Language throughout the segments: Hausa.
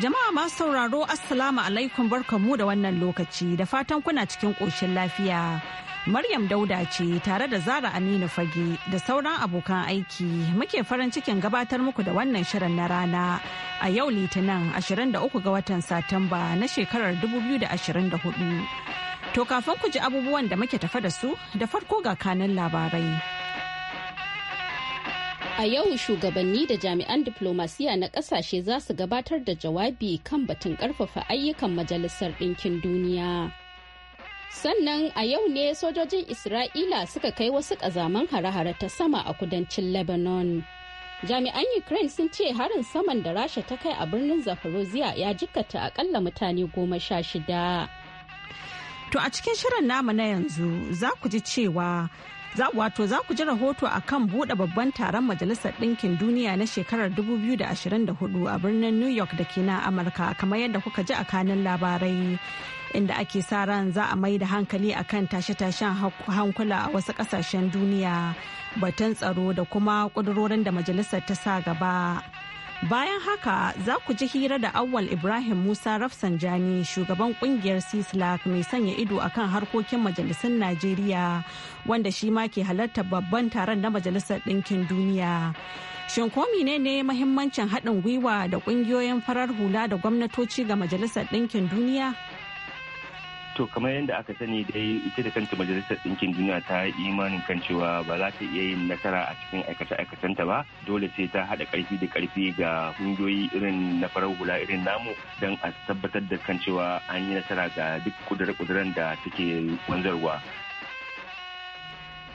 Jama'a masu sauraro Assalamu alaikum barkanmu da wannan lokaci da fatan kuna cikin ƙoshin lafiya. Maryam Dauda ce tare da Zara Aminu Fage da sauran abokan aiki muke farin cikin gabatar muku da wannan shirin na rana a yau Litinin 23 ga watan Satumba na shekarar 2024. To kafin ku ji abubuwan da muke tafa da su da farko ga kanin labarai. A yau shugabanni da jami'an diplomasiya na kasashe za su gabatar da jawabi kan batun karfafa ayyukan Majalisar Ɗinkin Duniya. Sannan a yau ne sojojin Isra'ila suka kai wasu ƙazaman hare-hare ta sama a kudancin Lebanon. Jami'an Ukraine sun ce harin saman da Rasha ta kai a birnin Zaporozhye ya jikkata akalla mutane goma sha shida. To a cikin shirin namu na yanzu za ku ji cewa wato za ku ji rahoto a kan buɗe babban taron majalisar ɗinkin duniya na shekarar 2024 a birnin new york da ke na amurka kamar yadda kuka ji a kanin labarai inda ake sa ran za a mai da hankali a kan tashe-tashen hankula a wasu ƙasashen duniya batun tsaro da kuma ƙudurorin da majalisar ta sa gaba. Bayan haka za ku ji hira da Awwal Ibrahim Musa Rafsanjani shugaban kungiyar CISLAC mai sanya ido akan harkokin majalisun Najeriya wanda shi ma ke halartar babban taron na Majalisar Ɗinkin Duniya. Shin ko ne ne mahimmancin haɗin gwiwa da ƙungiyoyin farar hula da gwamnatoci ga Majalisar Ɗinkin Duniya? to kamar yadda aka sani dai ita da kanta majalisar ɗinkin duniya ta yi imanin kan cewa ba za ta iya yin nasara a cikin aikace-aikacenta ba dole sai ta haɗa ƙarfi da ƙarfi ga kungiyoyi irin na farar hula irin namu don a tabbatar da kan cewa an yi nasara ga duk kudure-kuduren da take wanzarwa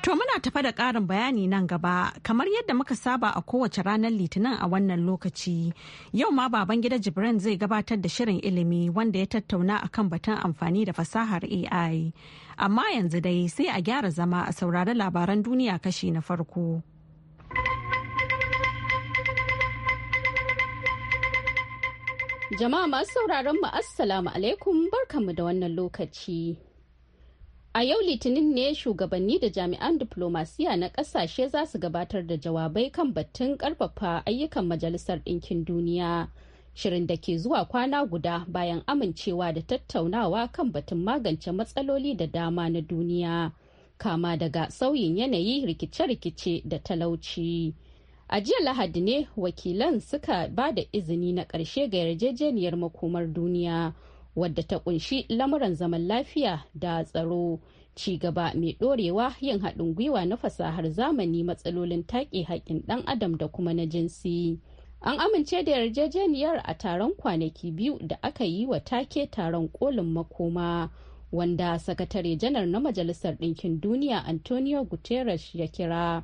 To muna tafa da ƙarin bayani nan gaba kamar yadda muka saba a kowace ranar litinin a wannan lokaci. Yau ma baban gida Jibran zai gabatar da shirin ilimi wanda ya tattauna akan batun amfani da fasahar AI. Amma yanzu dai sai a gyara zama a saurari labaran duniya kashi na farko. Jama'a masu sauraron mu Assalamu alaikum barkanmu da wannan lokaci. A yau Litinin ne shugabanni da jami'an diplomasiya na ƙasashe za su gabatar da jawabai kan batun ƙarfafa ayyukan Majalisar Ɗinkin Duniya. Shirin da ke zuwa kwana guda bayan amincewa da tattaunawa kan batun magance matsaloli da dama na duniya, kama daga sauyin yanayi rikice-rikice da talauci. A jiya Lahadi ne wakilan suka ba da izini na ƙarshe ga yarjejeniyar makomar duniya. wadda ta kunshi lamuran zaman lafiya da tsaro ci gaba mai dorewa yin haɗin gwiwa na fasahar zamani matsalolin take haƙin ɗan adam da kuma na jinsi an amince da yarjejeniyar a taron kwanaki biyu da aka yi wa take taron kolin makoma wanda sakatare janar na majalisar ɗinkin duniya antonio guterres ya kira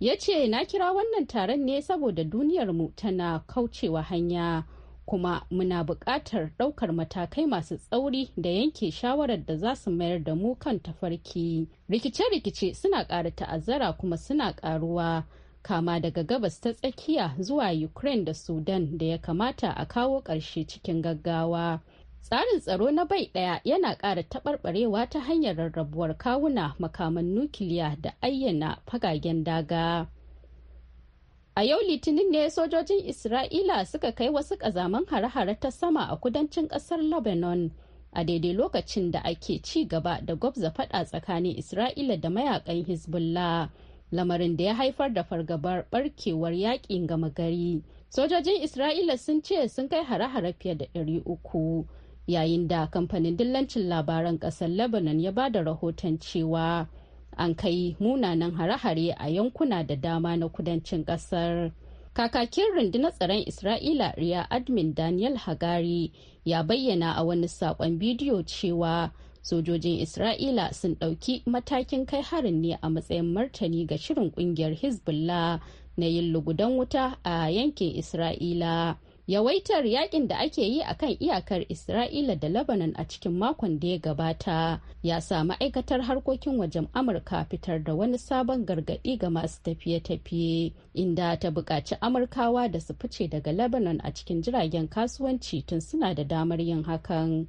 ya ce na kira wannan taron ne saboda duniyarmu tana kaucewa hanya kuma muna buƙatar ɗaukar matakai masu tsauri da yanke shawarar da za su mayar da mu kan tafarki rikice-rikice suna ƙara ta'azzara kuma suna ƙaruwa kama daga gabas ta tsakiya zuwa ukraine da sudan da ya kamata a kawo ƙarshe cikin gaggawa tsarin tsaro na bai ɗaya yana ƙara taɓarɓarewa ta hanyar rarrabuwar kawuna makaman nukiliya da ayyana fagagen daga A yau Litinin ne sojojin Isra'ila suka kai wasu ƙazaman hare-hare ta sama a kudancin ƙasar Lebanon a daidai lokacin da ake ci gaba da gwabza faɗa tsakanin Isra'ila da mayakan Hezbollah. lamarin da ya haifar da fargabar barkewar yakin gama gari sojojin isra'ila sun ce sun kai hare-hare fiye da ɗari uku yayin da kamfanin dillancin labaran ƙasar lebanon ya ba da rahoton cewa an kai munanan hare-hare a yankuna da dama na kudancin kasar. Kakakin rundunar tsaron Isra'ila Riya Admin Daniel Hagari ya bayyana a wani saƙon bidiyo cewa sojojin Isra'ila sun ɗauki matakin kai harin ne a matsayin martani ga shirin ƙungiyar Hezbollah na yin lugudan wuta a yankin Isra'ila. yawaitar yakin da ake yi a kan iyakar isra'ila da lebanon a cikin makon da ya gabata ya sa ma'aikatar harkokin wajen amurka fitar da wani sabon gargaɗi ga masu tafiye-tafiye inda ta buƙaci amurkawa da su fice daga lebanon a cikin jiragen kasuwanci tun suna da damar yin hakan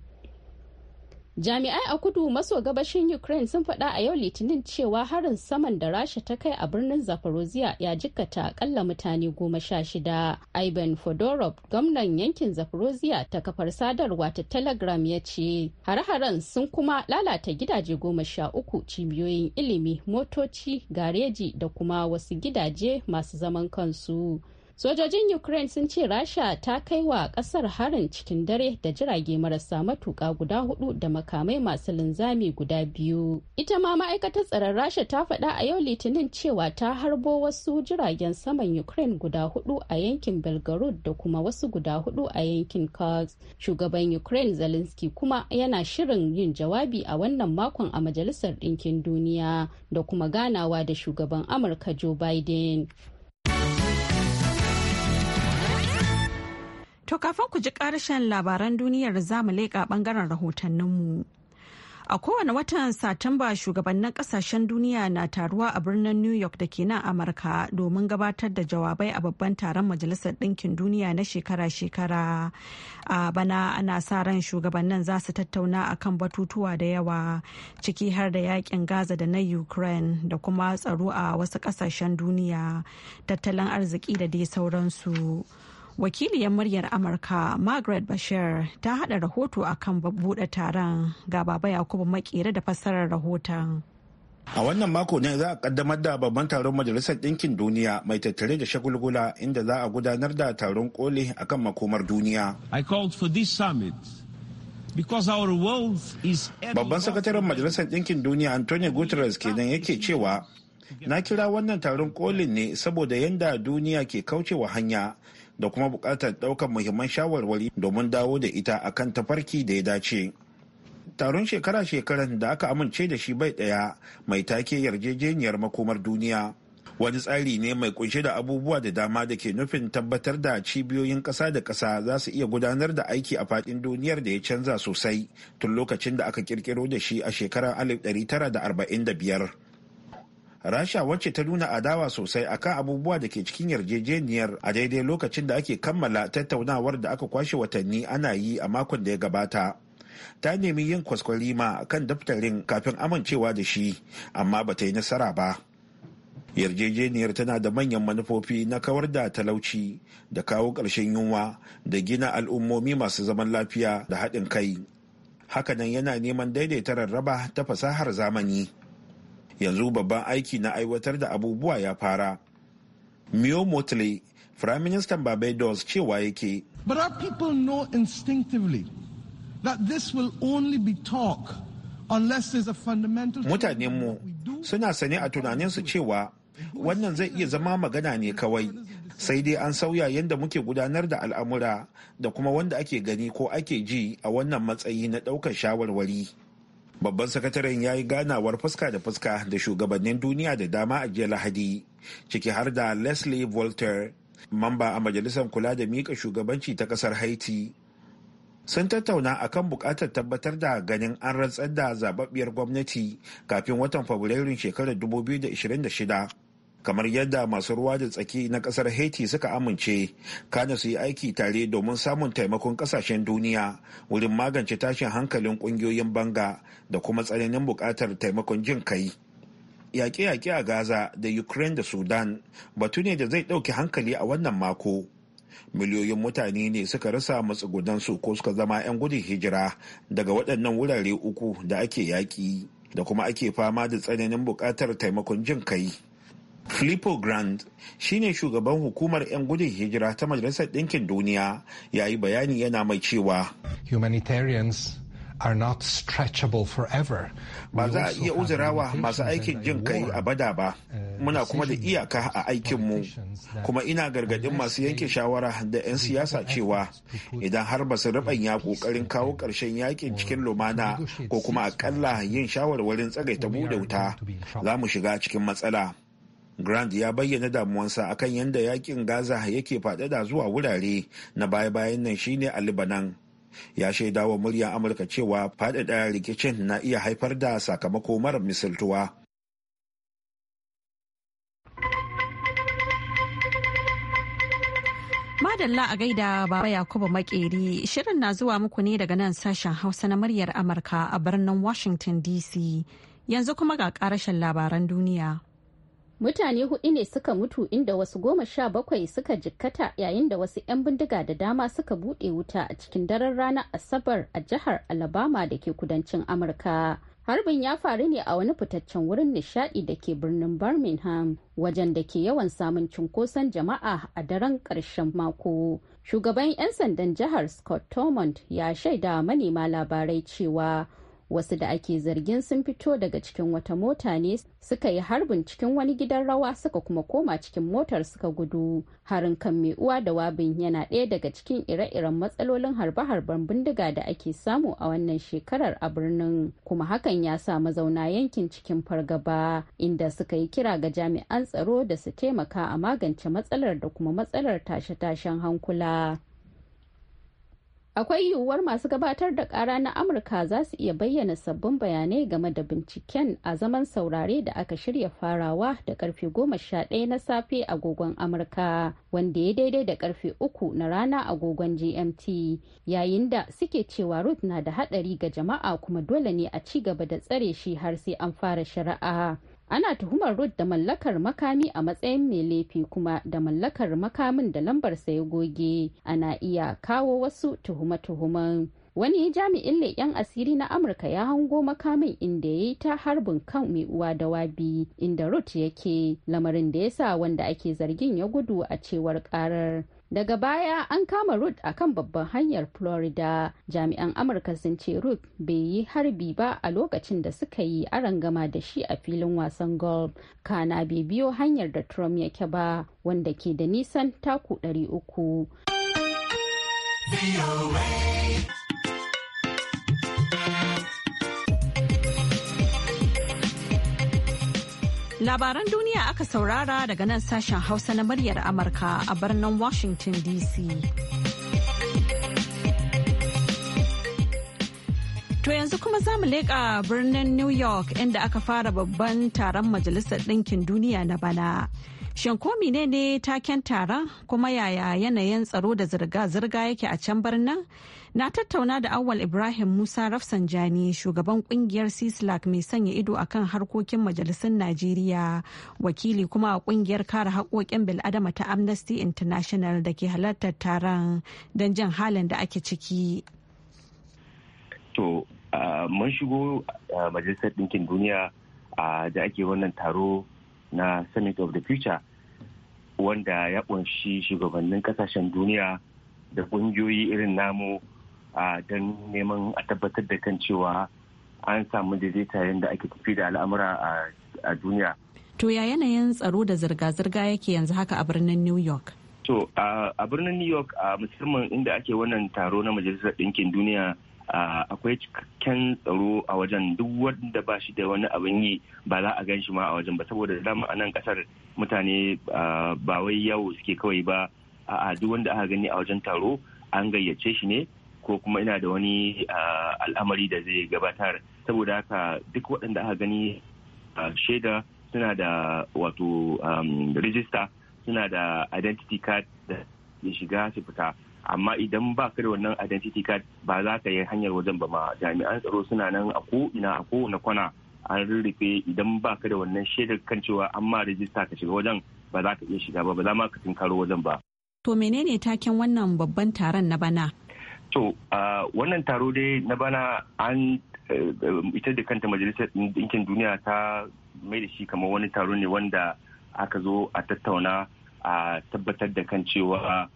Jami'ai a kudu maso gabashin Ukraine sun faɗa a yau Litinin cewa harin saman da Rasha ta kai a birnin Zaporozhia ya jikkata akalla mutane goma sha shida. Ivan Fodorov, gwamnan yankin Zaporozhia ta kafar sadarwa ta Telegram ya ce, hare-haren sun kuma lalata gidaje goma sha uku cibiyoyin ilimi, motoci, gareji da kuma wasu gidaje masu zaman kansu. Sojojin Ukraine sun ce Rasha ta kai wa kasar harin cikin dare da jirage marasa matuka guda hudu da makamai masu linzami guda biyu. Ita ma ma'aikatar tsaron Rasha ta faɗa a yau Litinin cewa ta harbo wasu jiragen saman Ukraine guda hudu a yankin Belgorod da kuma wasu guda hudu a yankin Kursk. Shugaban Ukraine Zelensky kuma yana shirin yin jawabi a wannan makon a Majalisar Ɗinkin Duniya da kuma ganawa da shugaban Amurka Joe Biden. To kafin ku ji karshen labaran duniyar za zamu leƙa ɓangaren rahotanninmu. A kowane watan Satumba shugabannin ƙasashen duniya na taruwa a birnin New York da ke nan Amurka domin gabatar da jawabai a babban taron Majalisar Ɗinkin Duniya na shekara-shekara. A bana ana sa ran shugabannin za su tattauna a kan batutuwa da yawa ciki har da yakin Gaza da na Ukraine da kuma tsaro a wasu ƙasashen duniya, tattalin arziki da dai sauransu. wakiliyar muryar amurka margaret bashir ta hada rahoto akan buɗe taron ga baba yakubu makera da fassarar rahoton A wannan mako ne za a kaddamar da babban taron Majalisar Ɗinkin Duniya mai tattare da shagulgula inda za a gudanar da taron koli akan makomar duniya. Babban sakataren Majalisar Ɗinkin Duniya Antonio Guterres kenan yake cewa na kira wannan taron kolin ne saboda yadda duniya ke kaucewa hanya da kuma buƙatar ɗaukar muhimman shawarwari domin dawo da ita a kan tafarki da ya dace. Taron shekara-shekaran da aka amince da shi bai ɗaya mai take yarjejeniyar makomar duniya. Wani tsari ne mai kunshe da abubuwa da dama da ke nufin tabbatar da cibiyoyin ƙasa da ƙasa za su iya gudanar da aiki a faɗin duniyar da ya canza sosai tun lokacin da aka kirkiro da shi a shekarar 1945. rasha wacce ta nuna adawa sosai akan abubuwa da ke cikin yarjejeniyar a daidai lokacin da ake kammala tattaunawar da aka kwashe watanni ana yi a makon da ya gabata ta nemi yin kwaskwarima kan daftarin kafin amincewa da shi amma ba ta yi nasara ba yarjejeniyar tana da manyan manufofi na kawar da talauci da kawo ƙarshen yunwa da gina al'ummomi masu zaman lafiya da haɗin kai hakanan yana neman daidaita rarraba ta fasahar zamani yanzu babban aiki na aiwatar da abubuwa ya fara mio motley prime minister barbados cewa yake but our people know instinctively that this will only be talk unless there's a fundamental mutanenmu suna sane a tunaninsu cewa wannan zai iya zama magana ne kawai sai dai an sauya yadda muke gudanar da al'amura da kuma wanda ake gani ko ake ji a wannan matsayi na ɗaukar shawarwari babban sakataren ya yi ganawar fuska da fuska da shugabannin duniya da dama a jiya lahadi ciki har da leslie voltaire mamba a majalisar kula da miƙa shugabanci ta ƙasar haiti sun tattauna a kan buƙatar tabbatar da ganin an rantsar da zababbiyar gwamnati kafin watan fabrairun shekarar 2026 kamar yadda masu ruwa da tsaki na kasar haiti suka amince kana su yi aiki tare domin samun taimakon kasashen duniya wurin magance tashin hankalin kungiyoyin banga da kuma tsananin bukatar taimakon jin kai yaƙe-yaƙe a gaza da ukraine da sudan batu ne da zai ɗauki hankali a wannan mako miliyoyin mutane ne suka rasa matsugudansu ko suka zama 'yan gudun hijira daga waɗannan wurare uku da ake yaƙi da kuma ake fama da tsananin buƙatar taimakon jin kai Filippo Grand ne shugaban hukumar 'yan gudun hijira ta Majalisar Ɗinkin Duniya ya yi bayani yana mai cewa. Humanitarians are not stretchable forever. Ba za a iya uzurawa masu aikin jin kai abada ba. Uh, Muna kuma da iyaka a aikinmu. Kuma ina gargadin masu yanke shawara da 'yan siyasa cewa idan har ba su ya kokarin kawo ƙarshen yakin cikin lumana ko kuma akalla yin shawarwarin tsagaita buɗe wuta za mu shiga cikin matsala. grand ya bayyana damuwansa akan yadda yakin Gaza yake faɗaɗa zuwa wurare na baya-bayan nan shine a Libanan. Ya shaida wa muryar Amurka cewa faɗaɗa rikicin na iya haifar da sakamako mara misaltuwa. Madalla a gaida Baba Yakubu Makeri shirin na zuwa muku ne daga nan sashen Hausa na muryar Amurka a birnin Washington DC. Yanzu kuma ga karashen labaran duniya. mutane hudu ne suka mutu inda wasu goma sha bakwai suka jikkata yayin da wasu 'yan bindiga da dama suka buɗe wuta a cikin daren ranar asabar a jihar alabama da ke kudancin amurka harbin ya faru ne a wani fitaccen wurin nishadi da ke birnin birmingham wajen da ke yawan samun cunkoson jama'a a daren ƙarshen mako shugaban 'yan sandan jihar scott tormont ya shaida manema labarai cewa wasu da ake zargin sun fito daga cikin wata mota ne suka yi harbin cikin wani gidan rawa suka kuma koma cikin motar suka gudu harin kan mai uwa da wabin yana ɗaya daga cikin ire-iren matsalolin harbe-harben bindiga da ake samu a wannan shekarar a birnin kuma hakan ya sa mazauna yankin cikin fargaba inda suka yi kira ga jami'an tsaro da su taimaka a magance matsalar da kuma matsalar tashe-tashen hankula akwai yiwuwar masu gabatar da kara na amurka za su iya bayyana sabbin bayanai game da binciken a zaman saurare da aka shirya farawa da karfe goma sha ɗaya na safe agogon amurka wanda ya daidai da karfe uku na rana agogon gmt yayin da suke cewa ruth na da haɗari ga jama'a kuma dole ne a ci gaba da tsare shi har sai an fara shari'a ana tuhumar Ruth da mallakar makami a matsayin mai laifi kuma da mallakar makamin da lambar sai ya goge ana iya kawo wasu tuhume tuhuman Wani jami'in leƙen asiri na Amurka ya hango makamin inda ya yi ta harbin kan mai uwa da wabi inda Ruth yake lamarin da ya sa wanda ake zargin ya gudu a cewar ƙarar. daga baya an kama Ruth a kan babban hanyar florida jami'an amurka sun ce Ruth bai yi harbi ba a lokacin da suka yi arangama da shi a filin wasan golf kana bai biyo hanyar da trump yake ba wanda ke da nisan taku 300 Labaran duniya aka saurara daga nan sashen Hausa na muryar Amurka a birnin Washington DC. To yanzu kuma za mu leƙa birnin New York inda aka fara babban taron Majalisar Ɗinkin Duniya na bana. Shin ko menene taken taron kuma yaya yanayin tsaro da zirga-zirga yake a can birnin? Na tattauna da Awal Ibrahim Musa Rafsanjani shugaban kungiyar CISLAC mai sanya ido akan harkokin majalisun Najeriya wakili kuma a kungiyar kare haƙoƙin bil'adama ta Amnesty International da ke halartar taron don jan halin da ake ciki. To, ah, mun shigo ah, majalisar ɗinkin duniya ah, da ake wannan taro na summit of the future wanda ya kunshi shugabannin kasashen duniya da kungiyoyi irin namu don neman a tabbatar da kan cewa an samu daidaita da ake tafi da al'amura a duniya to ya yanayin tsaro da zirga-zirga yake yanzu haka a birnin new york to a birnin new york a musamman inda ake wannan taro na majalisar ɗinkin duniya akwai cikakken tsaro a wajen duk wanda ba shi da wani abin yi ba za a gan shi ma a wajen ba saboda dama a nan kasar mutane ba wai yawo suke kawai ba a duk wanda aka gani a wajen taro an gayyace shi ne ko kuma ina da wani al'amari da zai gabatar saboda haka duk waɗanda aka gani shaida suna da wato um, rijista suna da identity card da shiga su fita amma idan ba ka da wannan identity card ba za ka yi hanyar wajen ba ma jami'an tsaro suna nan a ko ina a ko na kwana an rurrufe idan ba ka da wannan shaidar kan cewa an ma rijista ka shiga wajen ba za ka iya shiga ba ba za ma ka karo wajen ba. To menene taken wannan babban taron na bana? To wannan taro dai na bana an eh, eh, ita da kanta majalisar ɗinkin duniya ta mai da shi kamar wani taro ne wanda aka zo a tattauna a tabbatar da kan cewa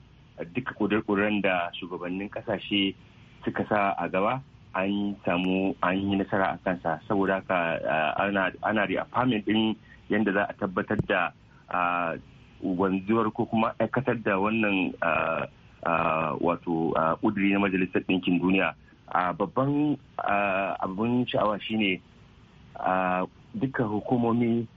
duka kudurkuren da shugabannin kasashe suka sa a gaba an samu an yi nasara a kansa saboda haka eh, ana da afamin din yadda za a tabbatar da eh, wanzuwar ko kuma aikatar da wannan eh, wato kuduri na majalisar ɗinkin duniya babban abin sha'awa shine duka hukumomi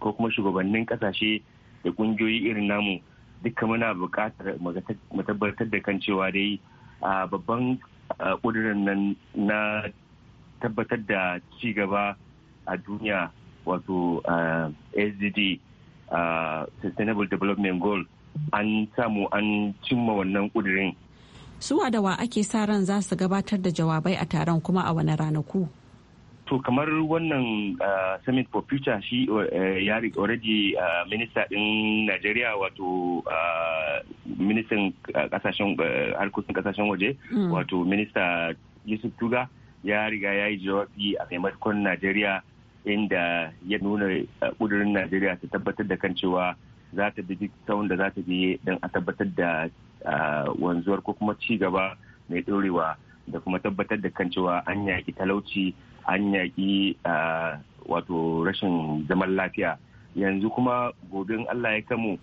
ko kuma shugabannin kasashe da ƙungiyoyi irin namu duka muna buƙatar mu tabbatar da kan cewa dai babban ƙudurin nan na tabbatar da ci gaba a duniya wato sdd sustainable development goal an samu an cimma wannan ƙudurin suwa da wa ake sa ran za su gabatar da jawabai a taron kuma a wani ranaku to kamar wannan ah, summit for future shi eh, ya already ah, minista din najeriya wato ah, ministan kasashen eh, harkokin kasashen waje mm. wato minista yusuf tuga ya riga ya yi jawabi a maimakon najeriya inda ya nuna kudurin eh, najeriya ta tabbatar da kan cewa za ta bi duk da za ta biye don a tabbatar da wanzuwar ko kuma ci gaba mai ɗorewa da kuma tabbatar da kan cewa an yaƙi talauci an yaƙi wato rashin zaman lafiya yanzu kuma gobin allah ya kamu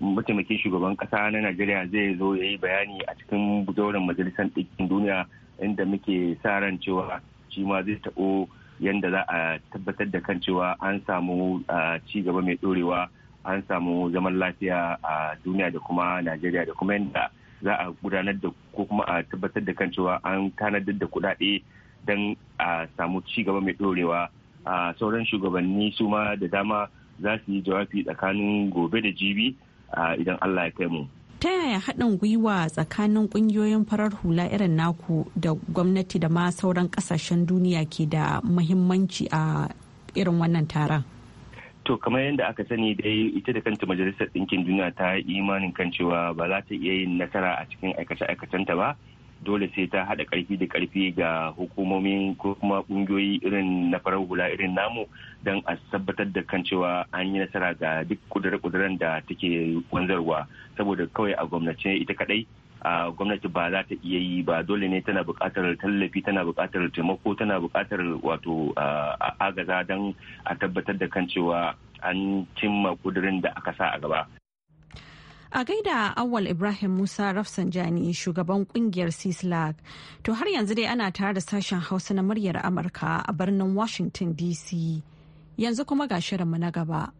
mataimakin shugaban kasa na najeriya zai zo ya yi bayani a cikin zauren majalisar ɗinkin duniya inda muke sa ran cewa shi ma zai taɓo yadda za a tabbatar da kan cewa an samu ci gaba mai ɗorewa an samu zaman lafiya a duniya da kuma najeriya da kuma yadda za a gudanar da ko kuma a tabbatar da kan cewa an tanadar da kuɗaɗe don a samu ci gaba mai dorewa a sauran shugabanni su ma da dama za su yi jawabi tsakanin gobe da jibi idan allah ya kai mu ta yaya haɗin gwiwa tsakanin ƙungiyoyin farar hula irin naku da gwamnati da ma sauran ƙasashen duniya ke da muhimmanci a irin wannan taron to kamar yadda aka sani dai ita da kanta majalisar ɗinkin duniya ta imanin kan cewa ba za ta iya yin nasara a cikin aikace-aikacenta ba dole sai ta hada karfi da karfi ga hukumomi ko kuma kungiyoyi irin na farar hula irin namu don a tabbatar da kan cewa an yi nasara ga duk kudure-kuduren da take wanzarwa saboda kawai a gwamnati ita kadai a gwamnati ba za ta iya yi ba dole ne tana bukatar tallafi tana buƙatar taimako tana bukatar wato agaza don a tabbatar da kan cewa an cimma kudurin da aka sa a gaba. A gaida Awal Ibrahim Musa Rafsanjani shugaban kungiyar CISLAC. To har yanzu dai ana tare da sashen Hausa na muryar Amurka a birnin Washington DC. Yanzu kuma ga shirinmu na gaba.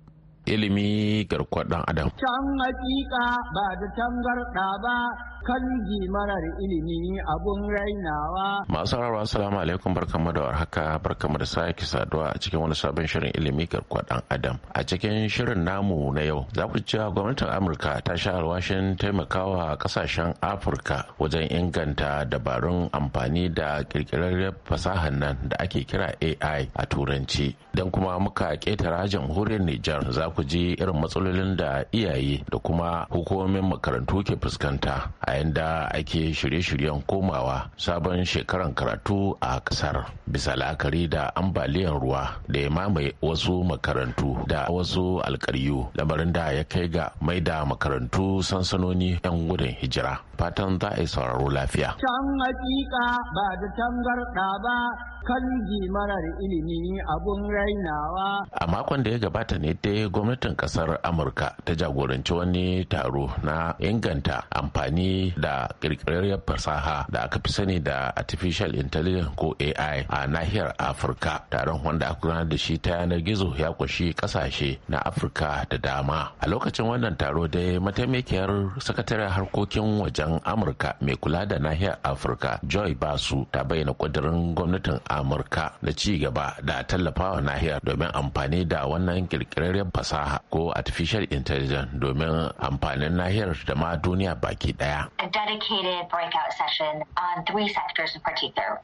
Ilimi garkuwar dan Adam. Can hakika ba da tangarɗa ba kanji mana da ilimi abun rainawa. Masu rawa assalamu alaikum barkamu da warhaka barkamu da sake saduwa a cikin wani sabon shirin ilimi garkuwa dan adam. A cikin shirin namu na yau za ku cewa gwamnatin Amurka ta sha alwashin taimakawa kasashen Afirka wajen inganta dabarun amfani da kirkirar fasahar nan da ake kira AI a turanci. dan kuma muka ketara jamhuriyar Nijar za ku ji irin matsalolin da iyaye da kuma hukumomin makarantu ke fuskanta a a yanda ake shirye-shiryen komawa sabon shekaran karatu a kasar bisa la'akari da ambaliyar ruwa da ya mamaye wasu makarantu da wasu alkaryu lamarin da ya kai ga mai da makarantu sansanoni 'yan gudun hijira fatan za a yi sauraro lafiya. Can hakika ba da tangarɗa ba kanji marar ilimi abun rainawa. A makon da ya gabata ne dai gwamnatin kasar Amurka ta jagoranci wani taro na inganta amfani da kirkirarriyar fasaha da aka fi sani da artificial intelligence ko AI a nahiyar Afirka. Taron wanda aka gudanar da shi ta yanar gizo ya kunshi ƙasashe na Afirka da dama. A lokacin wannan taro dai mataimakiyar sakataren harkokin wajen Amurka mai kula da nahiyar Afirka Joy Basu ta bayyana kudirin gwamnatin amurka da ci gaba da tallafawa nahiyar domin amfani da wannan kirkirarren fasaha ko artificial intelligence domin amfanin nahiyar da ma duniya baki daya dedicated breakout session on three sectors in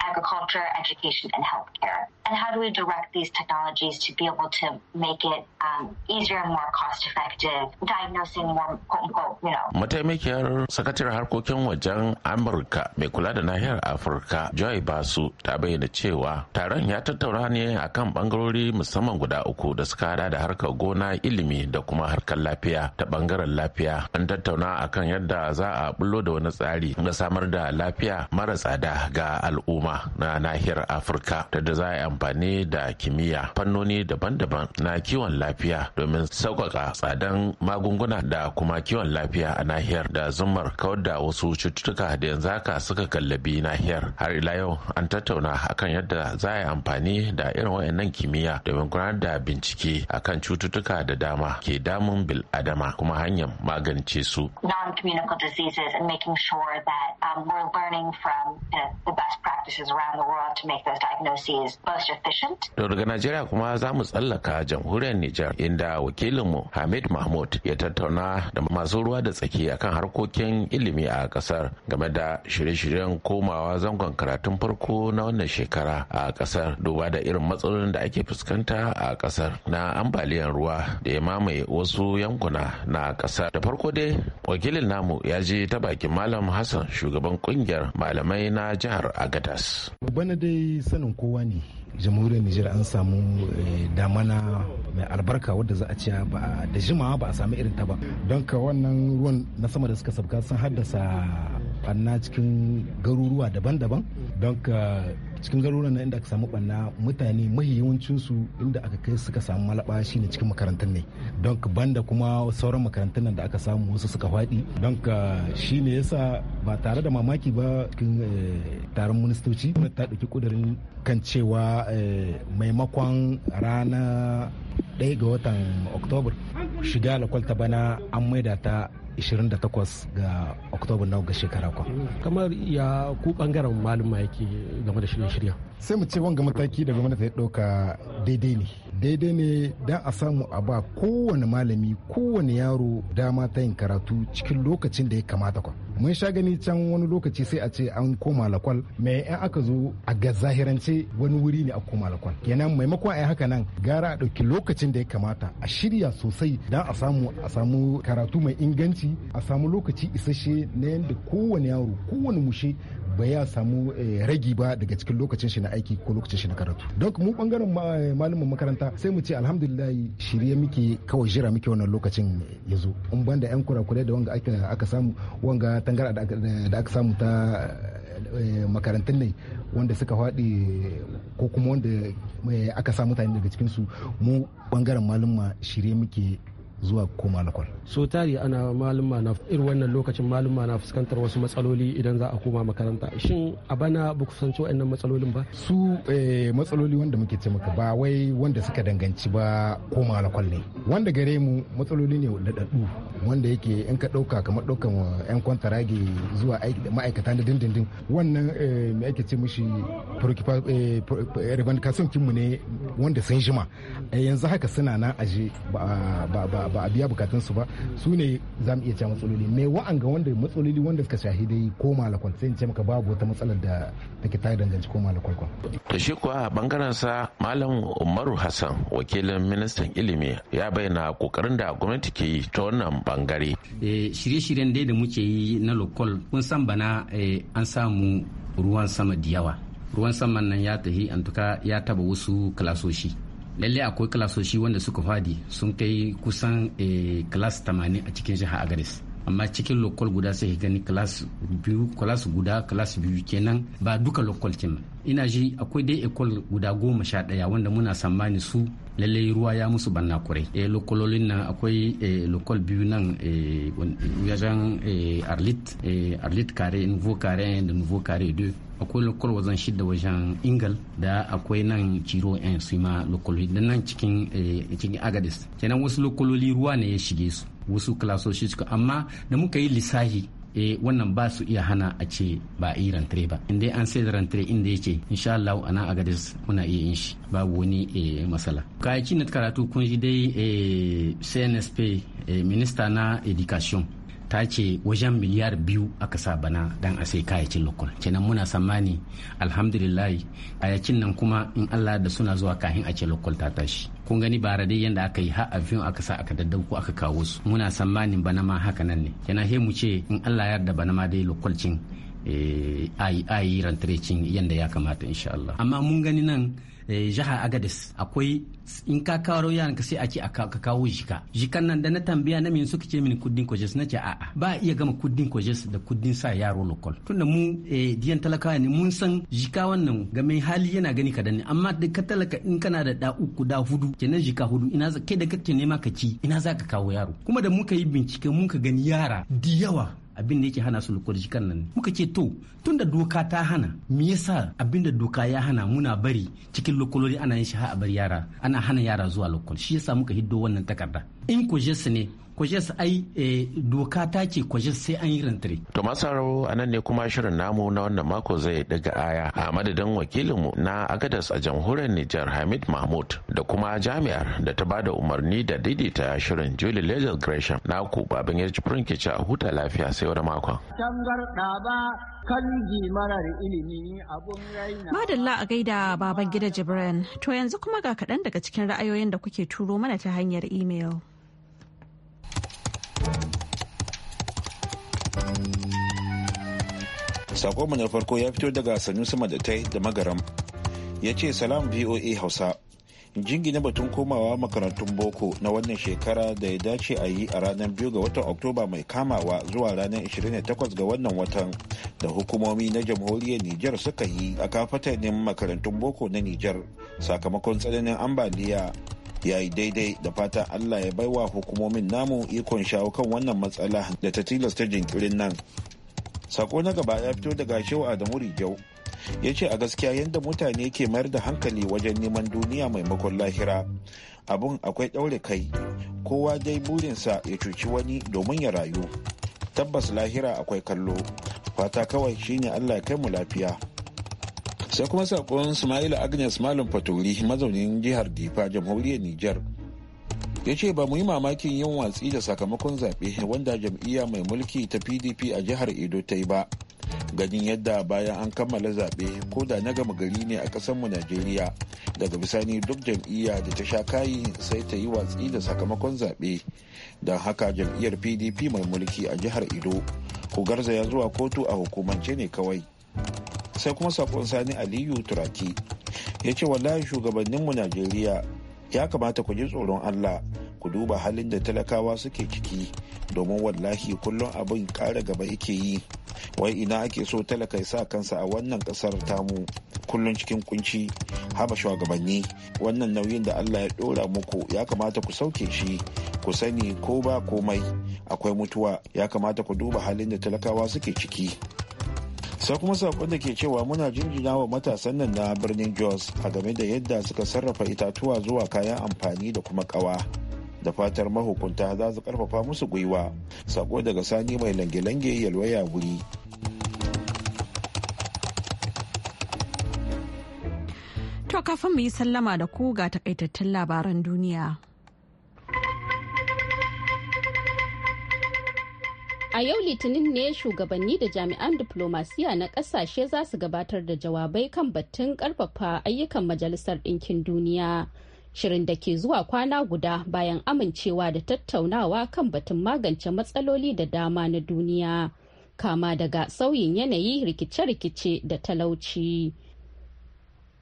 agriculture education and healthcare and how do we direct these technologies to be able to make it um, easier and more cost effective diagnosing more quote unquote you know mataimakiyar sakataren harkokin wajen amurka mai kula da nahiyar afirka joy basu ta bayyana cewa cewa taron ya tattauna ne akan bangarori musamman guda uku da suka hada da harkar gona ilimi da kuma harkar lafiya ta bangaren lafiya an tattauna akan yadda za a bullo da wani tsari na samar da lafiya mara tsada ga al'umma na nahiyar afirka da za a yi amfani da kimiyya fannoni daban-daban na kiwon lafiya domin sauƙaƙa tsadan magunguna da kuma kiwon lafiya a nahiyar da zumar kawar da wasu cututtuka da yanzu haka suka kallabi nahiyar har ila yau an tattauna akan yadda da za a yi amfani da irin wayannan kimiyya domin gudanar da bincike akan cututtuka da dama ke damun bil adama kuma hanyar magance su. To daga Najeriya kuma za mu tsallaka jamhuriyar Nijar inda wakilinmu Hamid Mahmud ya tattauna da masu ruwa da tsaki akan harkokin ilimi a kasar game da shirye-shiryen komawa zangon karatun farko na wannan shekara a kasar duba da irin matsalolin da ake fuskanta a kasar na ambaliyar ruwa da ya mamaye wasu yankuna na kasar da farko dai wakilin namu ya je ta bakin malam hassan shugaban kungiyar malamai na jihar agadas bana dai sanin kowa ne jamhuriyar nijar an samu eh, damana mai albarka wadda za a ce ba da jimawa ba a sami irin ta ba don ka wannan ruwan na sama da suka sabka sun haddasa banna cikin garuruwa daban-daban don ka cikin garuruwan na inda aka samu banna mutane mahi yawancinsu inda aka kai suka samu malaba shine cikin makarantun ne don ka banda kuma sauran makarantun nan da aka samu wasu suka faɗi don ka shine yasa ba tare da mamaki ba cikin eh, taron ministoci ta ɗauki ƙudurin kan cewa eh, maimakon rana ɗaya ga watan oktobar shiga lakwalta bana an maida ta 28 ga oktoba na ga shekara kwa kamar ya ku bangaren malama yake game da shirye-shiryen sai mu ce wanga mataki da gwamnati ya ɗauka daidai ne daidai ne don a samu a ba kowane malami kowane yaro dama ta yin karatu cikin lokacin da ya kamata kwa mun sha gani can wani lokaci sai a ce an koma lakwal mai yan aka zo a ga zahirance wani wuri ne a koma lakwal kenan maimakon a yi haka nan gara a ɗauki lokacin da ya kamata a shirya sosai don a samu a samu karatu mai inganci a samu lokaci isasshe na yadda kowane yaro kowane mushe ba ya samu eh, ragi ba daga cikin lokacin shi na aiki ko lokacin shi na karatu don mu bangaren malumin eh, makaranta sai mu ce alhamdulillah shirye muke kawai jira muke wannan lokacin ya zo in banda yan kurakurai da wanga aka samu wanga tangara da aka samu ta eh, makarantun ne wanda suka faɗi ko kuma wanda aka sa mutane daga cikinsu mu bangaren malumma shirye muke zuwa koma lakwal. so tari ana ma na irin wannan lokacin ma na fuskantar wasu matsaloli idan za a koma makaranta shin a bana ba ku san matsalolin ba su eh, matsaloli wanda muke ce maka ba wai wanda suka danganci ba koma lakwal ne wanda gare mu matsaloli ne daɗaɗɗu wanda yake in ka ɗauka kamar ɗaukan yan kwantarage zuwa ma'aikata na dindindin wannan eh, me ake ce mishi eh, revendication mu ne wanda sun jima yanzu haka suna nan aje ba ba a biya su ba su ne za mu iya cewa matsaloli me wa'anga wanda matsaloli wanda suka shahi dai ko malakwal sai in ce maka babu wata matsalar da take ta danganci ko malakwal kwan. to shi kuwa a bangaren sa malam umaru hassan wakilin ministan ilimi ya bayyana kokarin da gwamnati ke yi ta wannan bangare. Eh, shirye-shiryen dai da muke yi na lokol kun san bana eh, an samu ruwan sama diyawa ruwan saman nan ya tahi antuka ya taba wasu kalasoshi lalle akwai klasoshi wanda suka fadi sun kai kusan kilas eh, 80 a cikin jihar agares amma cikin lokal guda sai gani class biyu guda class biyu kenan ba duka lokal kenan ina ji akwai dai ekol guda goma sha ɗaya wanda muna tsammani su lallai ruwa ya musu banna kurai e eh, lokololin nan akwai eh, lokol biyu nan eh, wajen arlit arlit kare nouveau kare da nouveau kare 2 akwai lokol wajen shida wajen ingal da akwai nan ciro yan su ma da nan cikin cikin agadis kenan wasu lokololi ruwa ne ya shige su wasu klasoshi suka amma da muka yi lissahi e wannan ba su iya hana a ce ba a yi rantare ba inda an sai da rantare inda yake insha Allah a nan a gadis muna iya yin shi babu wani e, eh, masala kayaki na karatu kun ji dai e, eh, CNSP e, minista na education ta ce wajen miliyar biyu aka sa bana dan a sai kayakin lokal kenan muna tsammani alhamdulillah kayakin nan kuma in Allah da suna zuwa kahin a ce lokal ta tashi kun gani ba dai yadda aka yi har aviyon aka sa aka daddauko aka kawo su muna sammanin bana ma haka nan ne yana he mu ce in Allah ya yarda bana ma dai lokwalcin eh, ayi ayi rantarecin yadda ya kamata insha Allah amma mun gani nan Eh, jihar agadis akwai in ka kawo yaran ka sai a ce ka kawo jika jikan nan da na tambaya na min suka ce min kuddin kojes na ce a'a ba iya gama kuddin kojes da kudin sa yaro lokal tunda mu eh, diyan talakawa ne mun san jika wannan game hali yana gani ka ne amma da ka talaka in kana da da uku da hudu kenan jika hudu ina kai da kake nema ka ci ina za ka kawo yaro kuma da muka yi bincike muka gani yara da yawa abin da yake hana su jikan nan muka ce to da doka ta hana me yasa abin da doka ya hana muna bari cikin lokololi ana yin shi har a bar yara ana hana yara zuwa lokol shi yasa muka hiddo wannan takarda in ko ne kwajes ai eh, doka ta ce kwajes sai an yi rantare. To masaro a nan ne kuma shirin namu na wannan mako zai daga aya a madadin wakilinmu na Agadas a jamhuriyar Nijar Hamid Mahmud da kuma jami'ar da ta bada umarni da daidaita shirin Julie Legal Gresham na ku babin ya ci a huta lafiya sai wani makon. Madalla a gaida baban gida Jibran, to yanzu kuma ga kaɗan daga cikin ra'ayoyin da kuke turo mana ta hanyar imel. mu na farko ya fito daga sanyu sama da tai da magaram ya ce salam voa hausa jingina batun komawa makarantun boko na wannan shekara da ya dace a yi a ranar 2 ga watan oktoba mai kamawa zuwa ranar 28 ga wannan watan da hukumomi na jamhuriyar niger suka yi a kafatanin makarantun boko na niger sakamakon tsananin ambaliya ya yi daidai da fatan allah ya baiwa hukumomin namu ikon shawo kan wannan matsala da ta tilasta jinkirin nan sako na gaba ya fito daga shehu adamu rijau ya ce a gaskiya yadda mutane ke mayar da hankali wajen neman duniya maimakon lahira abun akwai ɗaure kai kowa dai burinsa ya cuci wani domin ya rayu tabbas lahira akwai kallo fata kawai shine allah ya kai mu lafiya sai kuma sakon sumaila agnes malam fatori mazaunin jihar difa jamhuriyar niger ya ce ba mu yi mamakin yin watsi da sakamakon zaɓe wanda jam'iyya mai mulki ta pdp a jihar edo ta yi ba ganin yadda bayan an kammala zaɓe ko da na gama gari ne a ƙasarmu najeriya daga bisani duk jam'iyya da ta sha kayi sai ta yi watsi da sakamakon zaɓe don haka jam'iyyar pdp mai mulki a jihar ido ku garzaya zuwa kotu a hukumance ne kawai sai kuma sakon sani aliyu turaki ya ce wallahi shugabanninmu najeriya ya kamata ku ji tsoron allah ku duba halin da talakawa suke ciki domin wallahi kullum abin ƙara gaba yake yi wai ina ake so talakai sa kansa a wannan ƙasar tamu kullum cikin kunci haba shugabanni wannan nauyin da allah ya ɗora muku ya kamata ku sauke shi ku sani ko ba komai akwai mutuwa ya kamata ku duba halin da talakawa suke ciki sai kuma sakon da ke cewa muna jinjina wa matasan nan na birnin jos a game da yadda suka sarrafa itatuwa zuwa kayan amfani da kuma kawa da fatar mahukunta za su karfafa musu gwiwa sako daga sani mai lange-lange yalwaya wuri to kafin mu yi sallama da ku ga takaitattun labaran duniya A yau Litinin ne shugabanni da jami'an diplomasiya na kasashe za su gabatar da jawabai kan batun karfafa ayyukan Majalisar Ɗinkin Duniya. Shirin da ke zuwa kwana guda bayan amincewa da tattaunawa kan batun magance matsaloli da dama na duniya, kama daga sauyin yanayi rikice-rikice da talauci.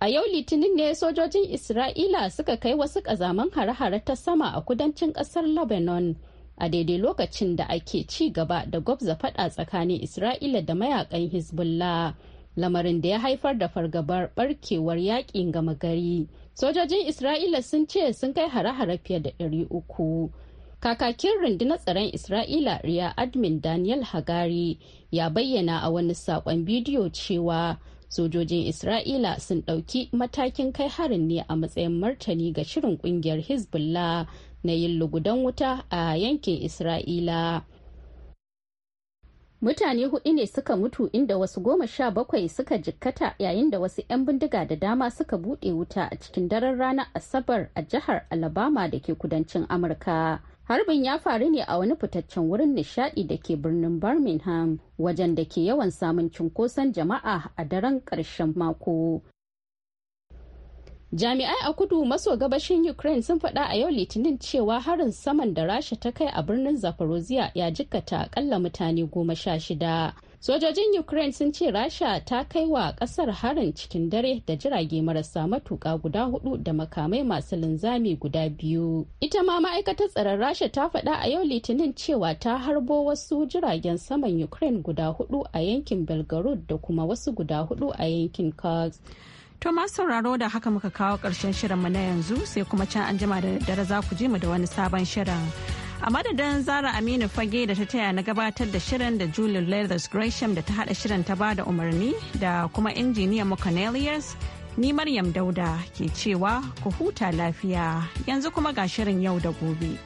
A yau Litinin ne sojojin Isra'ila suka kai wasu ƙazaman hare-hare ta sama a kudancin ƙasar Lebanon. a daidai lokacin da ake ci gaba da gwabza fada tsakanin isra'ila da mayakan hezbollah lamarin da ya haifar da fargabar barkewar yakin gama gari sojojin isra'ila sun ce sun kai hare-hare fiye da ɗari 300 kakakin rundunar tsaron isra'ila riya admin daniel hagari ya bayyana a wani saƙon bidiyo cewa sojojin isra'ila sun ɗauki matakin kai harin ne a matsayin martani ga shirin ƙungiyar hezbollah na yin lugudan wuta a yankin Isra'ila. Mutane hudu ne suka mutu inda wasu goma sha bakwai suka jikkata yayin da wasu 'yan bindiga da dama suka bude wuta a cikin daren ranar Asabar a jihar Alabama da ke kudancin Amurka. Harbin ya faru ne a wani fitaccen wurin nishadi da ke birnin Birmingham wajen da ke yawan samun cunkoson jama'a a daren ƙarshen mako. jami'ai a kudu maso gabashin ukraine sun faɗa a yau litinin cewa harin saman da rasha ta kai a birnin zaporozhia ya jikkata akalla mutane goma sha shida sojojin ukraine sun ce rasha ta kai wa kasar harin cikin dare da jirage marasa matuka guda hudu da makamai masu linzami guda biyu ita ma ma'aikatar tsaron rasha ta faɗa a yau litinin cewa ta harbo wasu jiragen saman ukraine guda hudu a yankin belgorod da kuma wasu guda hudu a yankin kursk To masu sauraro da haka muka kawo ƙarshen mu na yanzu sai kuma can an jima da dare za ku ji mu da wani sabon shirin. A madadin Zara Aminu Fage da ta taya na gabatar da shirin da Julie Leathers Gresham da ta haɗa shirin ta ba da umarni da kuma injiniyan mu ni Maryam Dauda ke cewa ku huta lafiya yanzu kuma ga shirin yau da gobe.